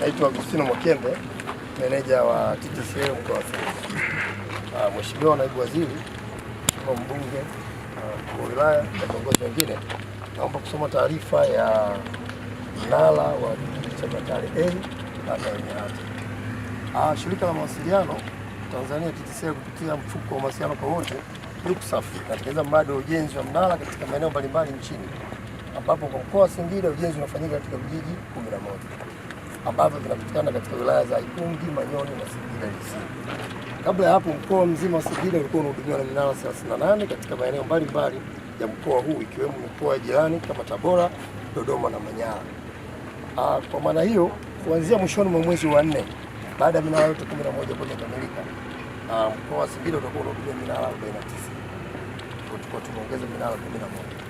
Naitwa Agustino Mwakembe, meneja wa TTCL mkoa wa Singida. Ah, mheshimiwa naibu waziri, mheshimiwa mbunge, mkuu wa wilaya na viongozi wengine, naomba kusoma taarifa ya mnara wa kijiji A kata ya Nyehati. Ah, shirika la mawasiliano Tanzania TTCL kupitia mfuko wa mawasiliano kwa wote NUCSAF inatekeleza mradi wa ujenzi wa mnara katika maeneo mbalimbali nchini, ambapo kwa mkoa wa Singida ujenzi unafanyika katika vijiji 11 ambavyo vinapatikana katika wilaya za Ikungi, Manyoni na Singida Mjini. Kabla ya hapo mkoa mzima wa Singida ulikuwa unahudumiwa na minara 38 katika maeneo mbalimbali ya mkoa huu ikiwemo mikoa jirani kama Tabora, Dodoma na Manyara. Aa, ah, kwa maana hiyo kuanzia mwishoni mwa mwezi wa nne baada ya minara yote 11 kwenda kukamilika, ah, mkoa wa Singida utakuwa unahudumia minara 49. Tuko tumeongeza minara 11.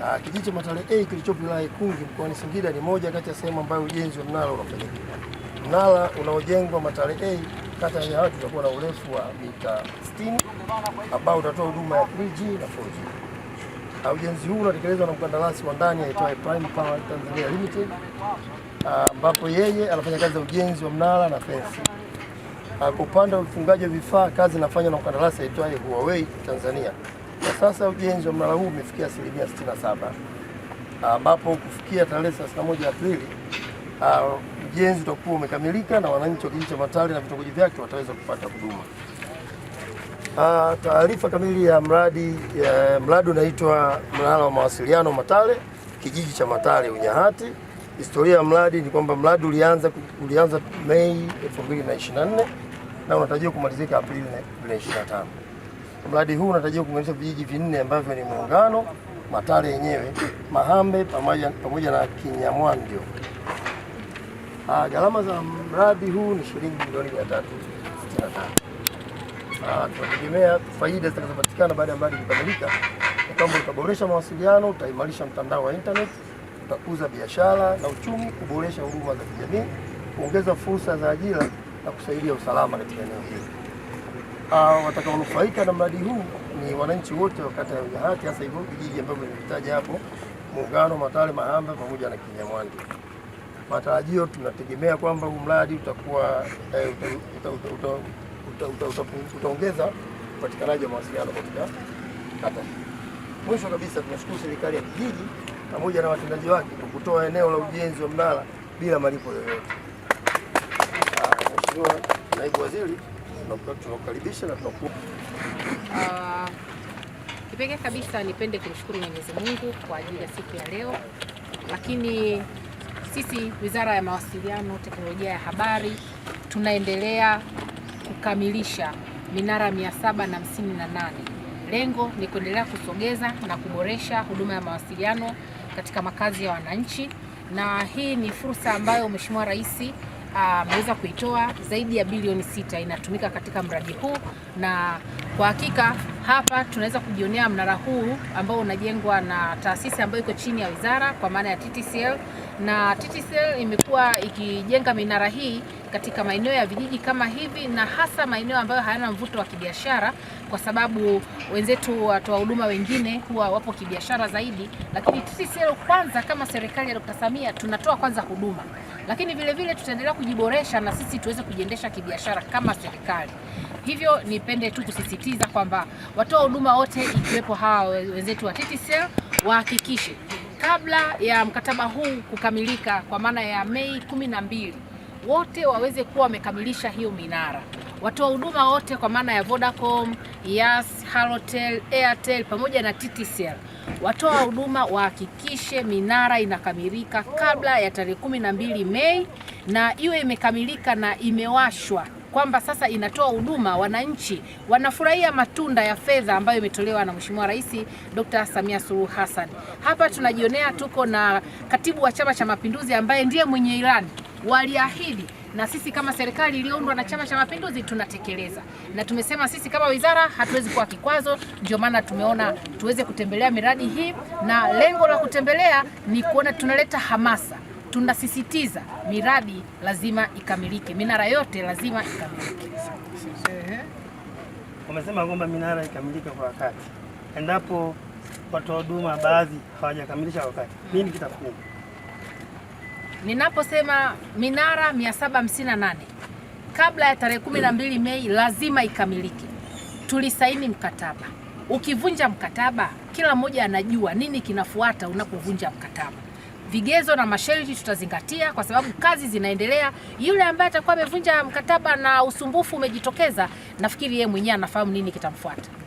Uh, kijiji cha Matale A kilichopo wilaya Ikungi mkoani Singida ni moja kati ya sehemu ambayo ujenzi wa mnara unafanyika. Mnara unaojengwa Matale A kata ya watu utakuwa na urefu wa mita 60 ambao utatoa huduma ya 3G na 4G. Uh, ah, ujenzi huu unatekelezwa na mkandarasi wa ndani aitwaye Prime Power Tanzania Limited ah, ambapo uh, yeye anafanya kazi ya ujenzi wa mnara na fensi. Kwa uh, upande wa ufungaji wa vifaa, kazi inafanywa na mkandarasi aitwaye Huawei Tanzania. Kwa sasa ujenzi wa mnara huu umefikia asilimia 67, ambapo kufikia tarehe 31 Aprili ah, ujenzi utakuwa umekamilika na wananchi wa kijiji cha Matale na vitongoji vyake wataweza kupata huduma. Ah, taarifa kamili ya mradi, mradi unaitwa mnara wa mawasiliano Matale, kijiji cha Matale Unyahati. Historia ya mradi ni kwamba mradi ulianza, ulianza Mei 2024 na unatarajiwa kumalizika Aprili 2025. Mradi huu unatarajiwa kuunganisha vijiji vinne ambavyo ni Muungano, Matale yenyewe, Mahambe pamoja, pamoja na Kinyamwandio. Ah, gharama za mradi huu ni shilingi milioni 365. Ah, tunategemea faida zitakazopatikana baada ya mradi kukamilika ni kwamba utaboresha mawasiliano, utaimarisha mtandao wa internet, utakuza biashara na uchumi, kuboresha huduma za kijamii, kuongeza fursa za ajira na kusaidia usalama katika eneo hili uh, watakaonufaika na mradi huu ni wananchi wote wa kata ya Ujahati, hasa hivyo vijiji ambavyo nimevitaja hapo, Muungano, Matale, Mahamba pamoja na Kinyamwandi. Matarajio tunategemea kwamba huu mradi utakuwa eh, utaongeza upatikanaji wa mawasiliano katika kata. Mwisho kabisa, tunashukuru serikali ya kijiji pamoja na watendaji wake kwa kutoa eneo la ujenzi wa mnara bila malipo yoyote. Ah, Mheshimiwa Naibu Waziri tunakukaribisha na tunakuwa uh, kipekee kabisa nipende kumshukuru Mwenyezi Mungu kwa ajili ya siku ya leo, lakini sisi Wizara ya Mawasiliano, Teknolojia ya Habari tunaendelea kukamilisha minara 758. Lengo ni kuendelea kusogeza na kuboresha huduma ya mawasiliano katika makazi ya wananchi, na hii ni fursa ambayo Mheshimiwa Rais ameweza kuitoa zaidi ya bilioni sita inatumika katika mradi huu, na kwa hakika hapa tunaweza kujionea mnara huu ambao unajengwa na taasisi ambayo iko chini ya wizara kwa maana ya TTCL, na TTCL imekuwa ikijenga minara hii katika maeneo ya vijiji kama hivi na hasa maeneo ambayo hayana mvuto wa kibiashara, kwa sababu wenzetu watoa huduma wengine huwa wapo kibiashara zaidi, lakini TTCL kwanza, kama serikali ya Dr. Samia tunatoa kwanza huduma lakini vile vile tutaendelea kujiboresha na sisi tuweze kujiendesha kibiashara kama serikali. Hivyo nipende tu kusisitiza kwamba watoa huduma wote ikiwepo hawa wenzetu wa TTCL wahakikishe kabla ya mkataba huu kukamilika kwa maana ya Mei kumi na mbili wote waweze kuwa wamekamilisha hiyo minara watoa huduma wote kwa maana ya Vodacom, Yas, Halotel, Airtel pamoja na TTCL watoa huduma wahakikishe minara inakamilika kabla ya tarehe kumi na mbili Mei na iwe imekamilika na imewashwa kwamba sasa inatoa huduma, wananchi wanafurahia matunda ya fedha ambayo imetolewa na Mheshimiwa Rais Dr. Samia Suluhu Hassan. Hapa tunajionea tuko na katibu wa Chama cha Mapinduzi ambaye ndiye mwenye ilani, waliahidi na sisi kama serikali iliyoundwa na Chama cha Mapinduzi tunatekeleza, na tumesema sisi kama wizara hatuwezi kuwa kikwazo. Ndio maana tumeona tuweze kutembelea miradi hii, na lengo la kutembelea ni kuona tunaleta hamasa tunasisitiza miradi lazima ikamilike, minara yote lazima ikamilike. Wamesema kwamba minara ikamilike kwa wakati, endapo watoa huduma baadhi hawajakamilisha wakati, nini kitafanyika? Ninaposema minara 758 kabla ya tarehe 12 Mei lazima ikamilike. Tulisaini mkataba. Ukivunja mkataba, kila mmoja anajua nini kinafuata unapovunja mkataba. Vigezo na masharti tutazingatia, kwa sababu kazi zinaendelea. Yule ambaye atakuwa amevunja mkataba na usumbufu umejitokeza, nafikiri yeye mwenyewe anafahamu nini kitamfuata.